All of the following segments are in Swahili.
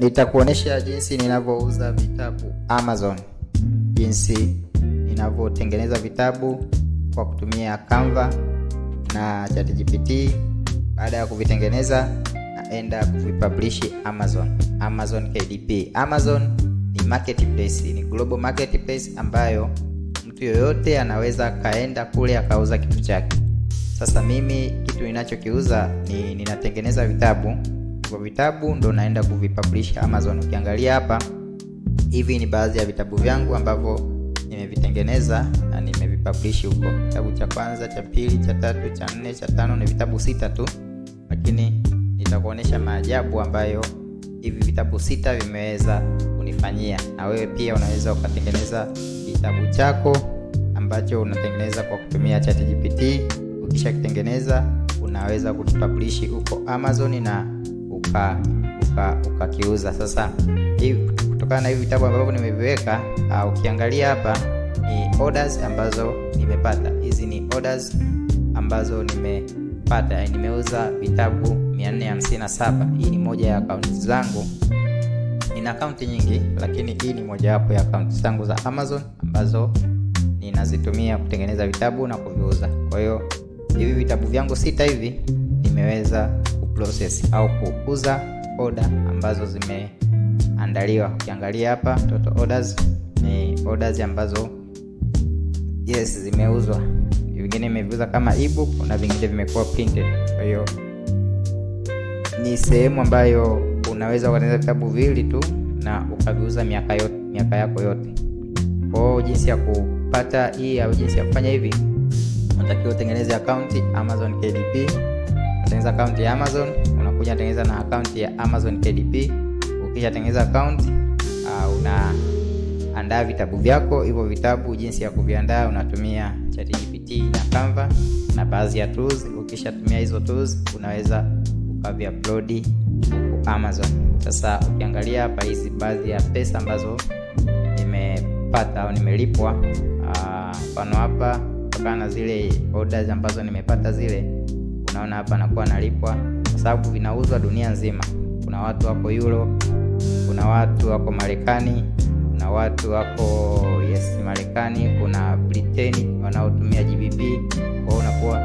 Nitakuonesha jinsi ninavyouza vitabu Amazon, jinsi ninavyotengeneza vitabu kwa kutumia Canva na ChatGPT. Baada ya kuvitengeneza, naenda kuvipublishi Amazon, Amazon KDP. Amazon ni marketplace, ni global marketplace ambayo mtu yoyote anaweza akaenda kule akauza kitu chake. Sasa mimi kitu ninachokiuza ni ninatengeneza vitabu kuchukua vitabu ndo naenda kuvipublish Amazon. Ukiangalia hapa, hivi ni baadhi ya vitabu vyangu ambavyo nimevitengeneza na nimevipublish huko. Kitabu cha kwanza, cha pili, cha tatu, cha nne, cha tano, ni vitabu sita tu, lakini nitakuonesha maajabu ambayo hivi vitabu sita vimeweza kunifanyia. Na wewe pia unaweza ukatengeneza kitabu chako ambacho unatengeneza kwa kutumia ChatGPT. Ukisha kitengeneza unaweza kukipublish huko Amazon na uka ukakiuza uka sasa kutokana na hivi vitabu ambavyo nimeviweka uh, ukiangalia hapa ni orders ambazo nimepata hizi ni orders ambazo nimepata nimeuza vitabu 457 hii ni moja ya akaunti zangu nina akaunti nyingi lakini hii ni mojawapo ya akaunti zangu za Amazon ambazo ninazitumia kutengeneza vitabu na kuviuza kwa hiyo hivi vitabu vyangu sita hivi nimeweza process au kukuza oda ambazo zimeandaliwa. Ukiangalia hapa total orders ni orders ambazo yes zimeuzwa, vingine imeviuza kama ebook na vingine vimekuwa printed. Kwa hiyo ni sehemu ambayo unaweza ukatengeneza vitabu viwili tu na ukaviuza miaka yote, miaka yako yote. Kwa hiyo jinsi ya kupata hii au jinsi ya kufanya hivi, unatakiwa utengeneze akaunti Amazon KDP unatengeneza account ya Amazon, unakuja tengeneza na account ya Amazon KDP. tengeneza account uh, unaandaa vitabu vyako. Hivyo vitabu jinsi ya kuviandaa unatumia ChatGPT na Canva na baadhi ya tools. Ukishatumia hizo tools unaweza ukaviupload huko Amazon. Sasa ukiangalia hapa, hizi baadhi ya pesa ambazo nimepata au nimelipwa, uh, mfano uh, hapa kutokana na zile orders ambazo nimepata zile unaona hapa anakuwa analipwa kwa sababu vinauzwa dunia nzima. Kuna watu wako yulo kuna watu wako Marekani, kuna watu wako yes Marekani, kuna Britain wanaotumia gbb kwao unakuwa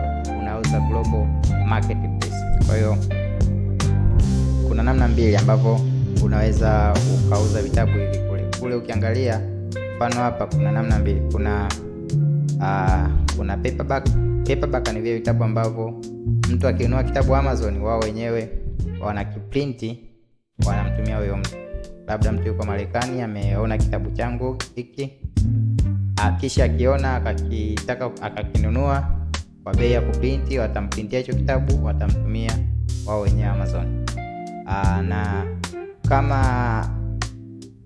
unauza global marketplace. Kwa hiyo kuna namna mbili ambapo unaweza ukauza vitabu hivi kule kule. Ukiangalia mfano hapa, kuna namna mbili, kuna uh, kuna paperback. Paperback ni vile vitabu ambavyo mtu akinunua kitabu Amazon, wao wenyewe wana kiprinti wanamtumia huyo mtu. Labda mtu yuko Marekani ameona kitabu changu hiki, kisha akiona akakitaka akakinunua kwa bei ya kuprinti, watamprintia hicho kitabu watamtumia wao wenyewe Amazon. Aa, na kama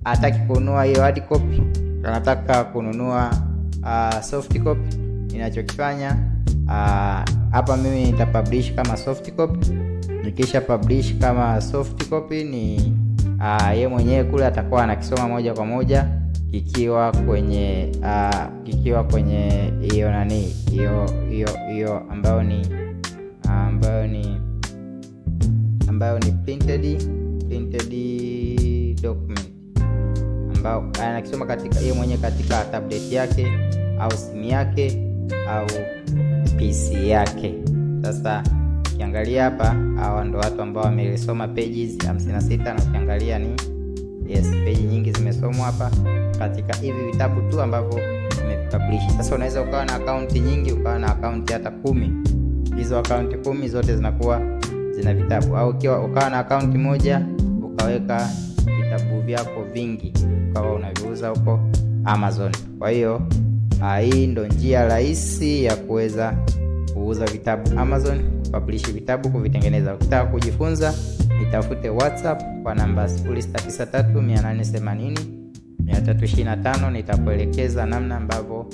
ataki kununua hiyo hard copy, anataka kununua uh, soft copy, inachokifanya Ah, hapa uh, mimi nita publish kama soft copy. Nikisha publish kama soft copy ni uh, ye mwenyewe kule atakuwa anakisoma moja kwa moja kikiwa kwenye uh, kikiwa kwenye hiyo nani hiyo hiyo hiyo ambayo ni ambayo ni ambayo ni printed printed document ambayo anakisoma katika yeye mwenyewe katika tablet yake au simu yake au PC yake. Sasa ukiangalia hapa, hawa ndo watu ambao wamelisoma pages 56 na ukiangalia ni yes, page nyingi zimesomwa hapa katika hivi vitabu tu ambavyo tumepublish. Sasa unaweza ukawa na akaunti nyingi, ukawa na akaunti hata kumi. Hizo akaunti kumi zote zinakuwa zina vitabu, au ukiwa ukawa na akaunti moja ukaweka vitabu vyako vingi ukawa unaviuza huko Amazon. Kwa hiyo Ah, hii ndo njia rahisi ya kuweza kuuza vitabu Amazon, kupablishi vitabu, kuvitengeneza. Ukitaka kujifunza, nitafute WhatsApp kwa namba 0693880325. Nitakuelekeza namna ambavyo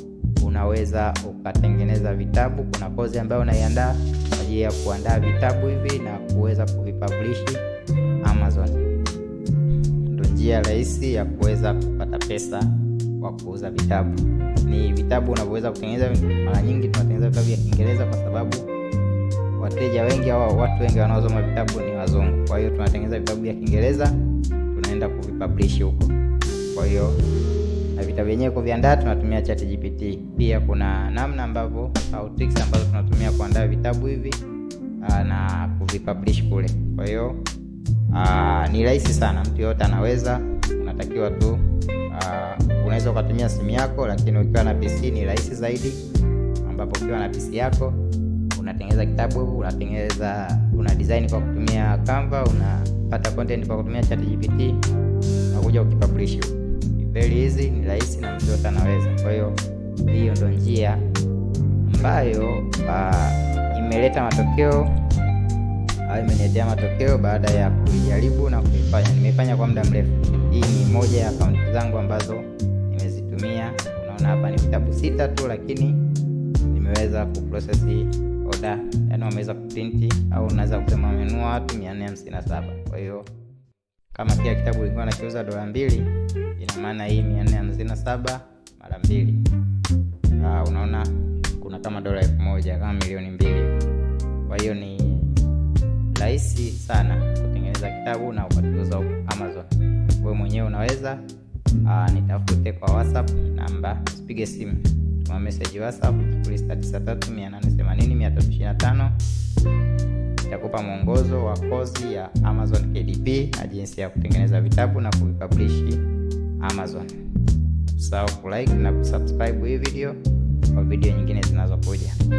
unaweza ukatengeneza vitabu. Kuna kozi ambayo unaiandaa kwa ajili ya kuandaa vitabu hivi na kuweza kuvipablishi Amazon. Ndo njia rahisi ya kuweza kupata pesa wa kuuza vitabu. Ni vitabu unavyoweza kutengeneza. Mara nyingi tunatengeneza vitabu vya Kiingereza kwa sababu wateja wengi au watu wengi wanaosoma vitabu ni wazungu. Kwa hiyo tunatengeneza vitabu vya Kiingereza tunaenda kuvipublish huko. Kwa hiyo na vitabu vyenyewe kuviandaa tunatumia ChatGPT. Pia kuna namna ambavyo au tricks ambazo tunatumia kuandaa vitabu hivi ah, na kuvipublish kule. Kwa hiyo ah, ni rahisi sana, mtu yoyote anaweza, unatakiwa tu aa, ah, unaweza ukatumia simu yako, lakini ukiwa na PC ni rahisi zaidi, ambapo ukiwa na PC yako unatengeneza kitabu, unatengeneza una design kwa kutumia Canva, unapata content kwa kutumia ChatGPT na kuja ukipublish. Very easy, ni rahisi na mtu yote anaweza. Kwa hiyo hiyo ndio njia ambayo ah, imeleta matokeo au imeniletea matokeo baada ya kuijaribu na kuifanya. Nimeifanya kwa muda mrefu. Hii ni moja ya akaunti zangu ambazo kutumia. Unaona hapa ni vitabu sita tu, lakini nimeweza kuprocess order, yani wameweza kuprint au unaweza kusema wamenua watu 457. Kwa hiyo kama kila kitabu ilikuwa nakiuza dola mbili, ina maana hii 457 mara mbili, unaona kuna kama dola elfu moja kama milioni mbili. Kwa hiyo ni rahisi sana kutengeneza kitabu na ukakiuza Amazon. Wewe mwenyewe unaweza uh, nitafute kwa WhatsApp namba, usipige simu, tuma meseji WhatsApp 0693880325 nitakupa mwongozo wa kozi ya Amazon KDP na jinsi ya kutengeneza vitabu na kuvipublish Amazon. Usahau kulike na kusubscribe hii video kwa video nyingine zinazokuja.